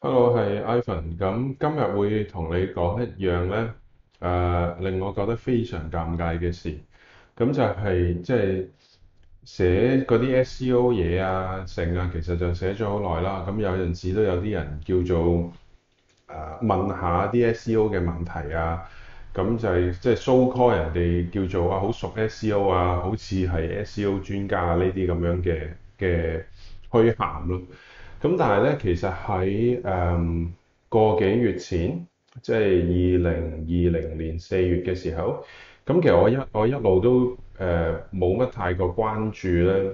Hello，係 Ivan。咁今日會同你講一樣咧，誒、呃，令我覺得非常尷尬嘅事。咁就係即係寫嗰啲 SEO 嘢啊，成啊，其實就寫咗好耐啦。咁有陣時都有啲人叫做誒、啊，問下啲 SEO 嘅問題啊。咁就係即係 show call 人哋叫做啊，好熟 SEO 啊，好似係 SEO 專家啊呢啲咁樣嘅嘅虛銜咯。咁、嗯、但係咧，其實喺誒、嗯、個幾月前，即係二零二零年四月嘅時候，咁、嗯、其實我一我一路都誒冇乜太過關注咧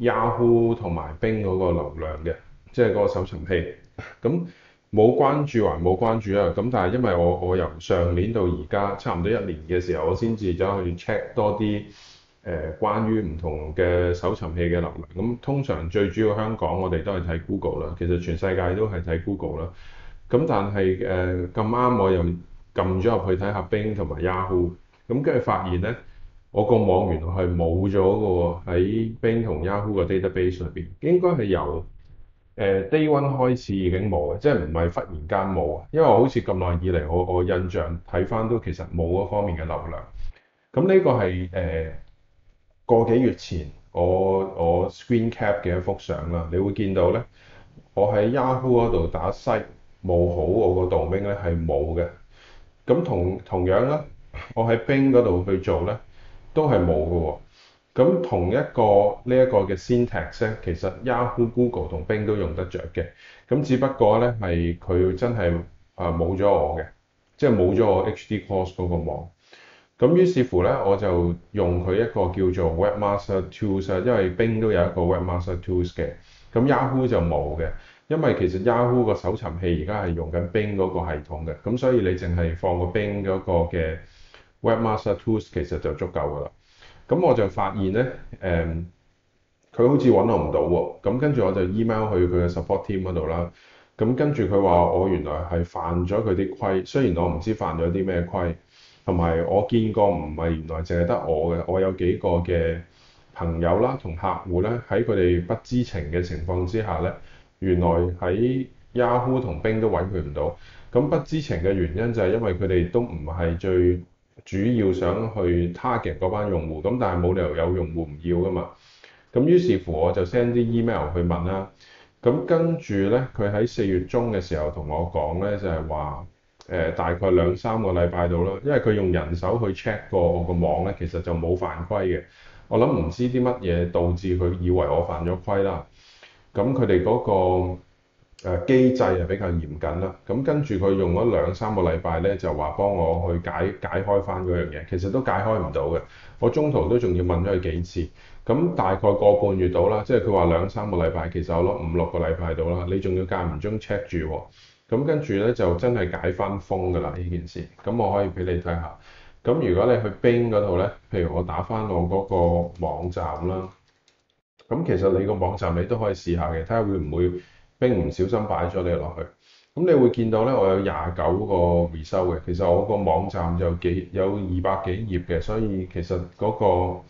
Yahoo 同埋 Bing 嗰個流量嘅，即係嗰個搜尋器。咁、嗯、冇關注還冇關注啊？咁、嗯、但係因為我我由上年到而家差唔多一年嘅時候，我先至走去 check 多啲。誒、呃，關於唔同嘅搜尋器嘅能力，咁、嗯、通常最主要香港我哋都係睇 Google 啦，其實全世界都係睇 Google 啦。咁、嗯、但係誒咁啱我又撳咗入去睇下 Bing 同埋 Yahoo，咁、嗯、跟住發現咧，我個網原來係冇咗個喺 Bing 同 Yahoo 嘅 database 裏邊，應該係由誒、呃、Day One 開始已經冇嘅，即係唔係忽然間冇啊？因為我好似咁耐以嚟，我我印象睇返都其實冇嗰方面嘅流量。咁、嗯、呢、這個係誒。呃個幾月前，我我 screen cap 嘅一幅相啦，你會見到咧，我喺 Yahoo 嗰度打西冇好，我個道兵咧係冇嘅。咁同同樣咧，我喺 Bing 嗰度去做咧，都係冇嘅。咁同一個，個呢一個嘅 syntax 咧，其實 Yahoo、Google 同 Bing 都用得着嘅。咁只不過咧，係佢真係啊冇咗我嘅，即係冇咗我 HD Course 嗰個網。咁於是乎咧，我就用佢一個叫做 Webmaster Tools，因為 Bing 都有一個 Webmaster Tools 嘅，咁 Yahoo 就冇嘅。因為其實 Yahoo 個搜尋器而家係用緊 Bing 嗰個系統嘅，咁所以你淨係放個 Bing 嗰個嘅 Webmaster Tools 其實就足夠㗎啦。咁我就發現咧，誒、嗯，佢好似揾我唔到喎。咁跟住我就 email 去佢嘅 support team 嗰度啦。咁跟住佢話我原來係犯咗佢啲規，雖然我唔知犯咗啲咩規。同埋我見過唔係原來淨係得我嘅，我有幾個嘅朋友啦，同客戶咧，喺佢哋不知情嘅情況之下咧，原來喺 Yahoo 同 Bing 都揾佢唔到。咁不知情嘅原因就係因為佢哋都唔係最主要想去 target 嗰班用戶，咁但係冇理由有用戶唔要噶嘛。咁於是乎我就 send 啲 email 去問啦。咁跟住咧，佢喺四月中嘅時候同我講咧，就係話。誒大概兩三個禮拜到啦，因為佢用人手去 check 過我個網咧，其實就冇犯規嘅。我諗唔知啲乜嘢導致佢以為我犯咗規啦。咁佢哋嗰個誒機制係比較嚴謹啦。咁跟住佢用咗兩三個禮拜咧，就話幫我去解解開翻嗰樣嘢，其實都解開唔到嘅。我中途都仲要問咗佢幾次。咁大概個半月到啦，即係佢話兩三個禮拜，其實我攞五六個禮拜到啦。你仲要間唔中 check 住喎。咁跟住咧就真係解翻封㗎啦呢件事，咁我可以俾你睇下。咁如果你去冰嗰度咧，譬如我打翻我嗰個網站啦，咁其實你個網站你都可以試下嘅，睇下會唔會冰唔小心擺咗你落去。咁你會見到咧，我有廿九個回收嘅，其實我個網站有幾有二百幾頁嘅，所以其實嗰、那個。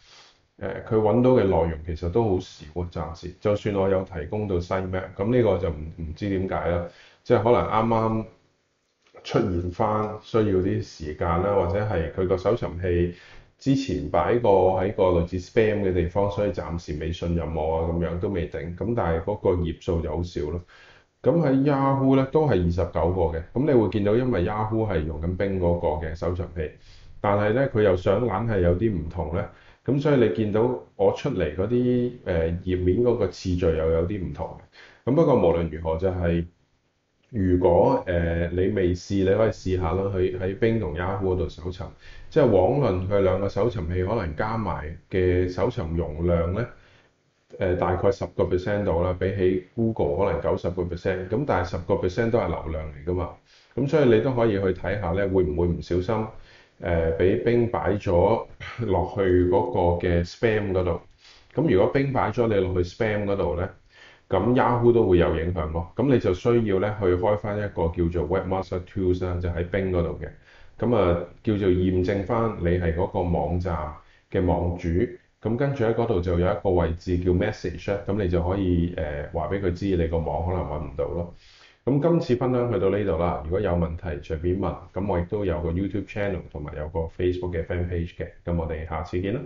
誒佢揾到嘅內容其實都好少、啊、暫時，就算我有提供到 sitemap，咁呢個就唔唔知點解啦，即係可能啱啱出現翻需要啲時間啦，或者係佢個搜尋器之前擺過喺個類似 spam 嘅地方，所以暫時未信任我啊咁樣都未定。咁但係嗰個頁數就好少咯。咁喺 Yahoo 咧都係二十九個嘅，咁你會見到，因為 Yahoo 係用緊 Bing 嗰個嘅搜尋器，但係咧佢又上揀係有啲唔同咧。咁所以你見到我出嚟嗰啲誒頁面嗰個次序又有啲唔同。咁不過無論如何就係，如果誒、呃、你未試，你可以試下啦，喺喺 Bing 同 Yahoo 嗰度搜尋。即係往論佢兩個搜尋器可能加埋嘅搜尋容量咧，誒、呃、大概十個 percent 度啦，比起 Google 可能九十個 percent。咁但係十個 percent 都係流量嚟㗎嘛。咁所以你都可以去睇下咧，會唔會唔小心誒俾冰擺咗落去嗰個嘅 spam 嗰度，咁如果冰擺咗你落去 spam 嗰度咧，咁 Yahoo 都會有影響咯。咁你就需要咧去開翻一個叫做 Webmaster Tools 啦、啊，就喺冰嗰度嘅。咁啊叫做驗證翻你係嗰個網站嘅網主。咁跟住喺嗰度就有一個位置叫 Message，咁、啊、你就可以誒話俾佢知你個網可能揾唔到咯。咁今次分享去到呢度啦，如果有問題隨便問，咁我亦都有個 YouTube channel 同埋有個 Facebook 嘅 fan page 嘅，咁我哋下次見啦。